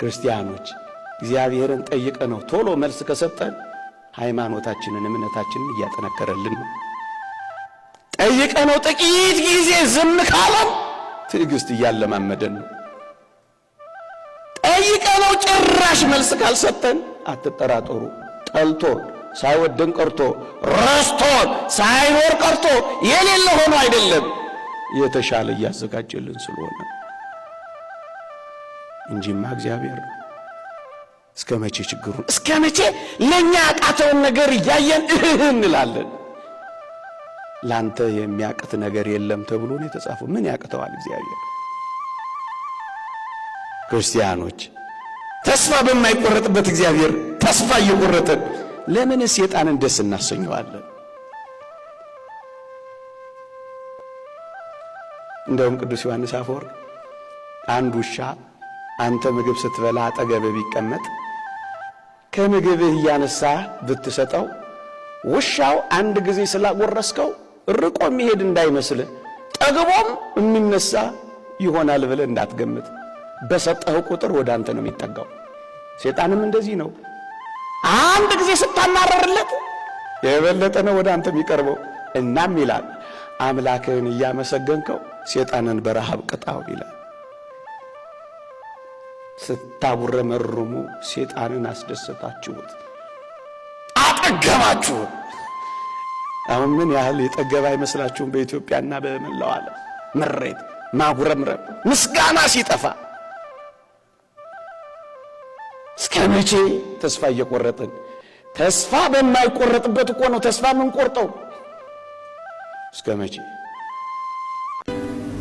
ክርስቲያኖች እግዚአብሔርን ጠይቀ ነው ቶሎ መልስ ከሰጠን ሃይማኖታችንን እምነታችንን እያጠነከረልን ነው። ጠይቀ ነው ጥቂት ጊዜ ዝም ካለም ትዕግስት እያለማመደን ነው። ጠይቀ ነው ጭራሽ መልስ ካልሰጠን አትጠራጠሩ፣ ጠልቶን ሳይወደን ቀርቶ ረስቶን ሳይኖር ቀርቶ የሌለ ሆኖ አይደለም፣ የተሻለ እያዘጋጀልን ስለሆነ ነው። እንጂማ እግዚአብሔር ነው። እስከ መቼ ችግሩን እስከ መቼ ለእኛ ያቃተውን ነገር እያየን እህህ እንላለን? ላንተ የሚያቅት ነገር የለም ተብሎ ነው የተጻፈው። ምን ያቅተዋል እግዚአብሔር? ክርስቲያኖች ተስፋ በማይቆረጥበት እግዚአብሔር ተስፋ እየቆረጠን ለምን ሴጣንን ደስ እናሰኘዋለን? እንደውም ቅዱስ ዮሐንስ አፈወርቅ አንድ ውሻ አንተ ምግብ ስትበላ አጠገብህ ቢቀመጥ ከምግብህ እያነሳ ብትሰጠው ውሻው አንድ ጊዜ ስላጎረስከው ርቆ የሚሄድ እንዳይመስል ጠግቦም የሚነሳ ይሆናል ብለህ እንዳትገምት። በሰጠህ ቁጥር ወደ አንተ ነው የሚጠጋው። ሴጣንም እንደዚህ ነው። አንድ ጊዜ ስታማረርለት የበለጠ ነው ወደ አንተ የሚቀርበው። እናም ይላል አምላክህን እያመሰገንከው ሴጣንን በረሃብ ቅጣው ይላል። ስታጉረመርሙ ሴጣንን አስደሰታችሁት፣ አጠገባችሁ። አሁን ምን ያህል የጠገበ አይመስላችሁም? በኢትዮጵያና በመላው ዓለም ምሬት፣ ማጉረምረም፣ ምስጋና ሲጠፋ እስከ መቼ ተስፋ እየቆረጥን? ተስፋ በማይቆረጥበት እኮ ነው ተስፋ የምንቆርጠው። እስከ መቼ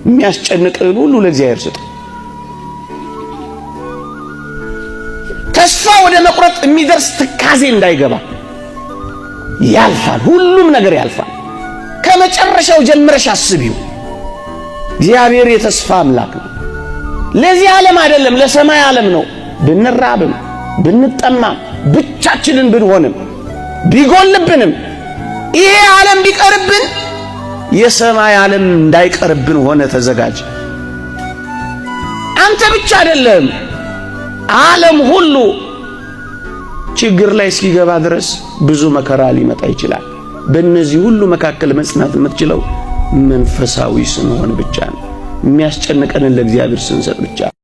የሚያስጨንቅህን ሁሉ ለእግዚአብሔር ስጠው። ተስፋ ወደ መቁረጥ የሚደርስ ትካዜ እንዳይገባ። ያልፋል፣ ሁሉም ነገር ያልፋል። ከመጨረሻው ጀምረሽ አስቢው። እግዚአብሔር የተስፋ አምላክ ነው። ለዚህ ዓለም አይደለም ለሰማይ ዓለም ነው። ብንራብም ብንጠማም ብቻችንን ብንሆንም ቢጎልብንም ይሄ ዓለም ቢቀርብን የሰማይ ዓለም እንዳይቀርብን ሆነ ተዘጋጅ። አንተ ብቻ አይደለም ዓለም ሁሉ ችግር ላይ እስኪገባ ድረስ ብዙ መከራ ሊመጣ ይችላል። በእነዚህ ሁሉ መካከል መጽናት የምትችለው መንፈሳዊ ስንሆን ብቻ ነው። የሚያስጨንቀንን ለእግዚአብሔር ስንሰጥ ብቻ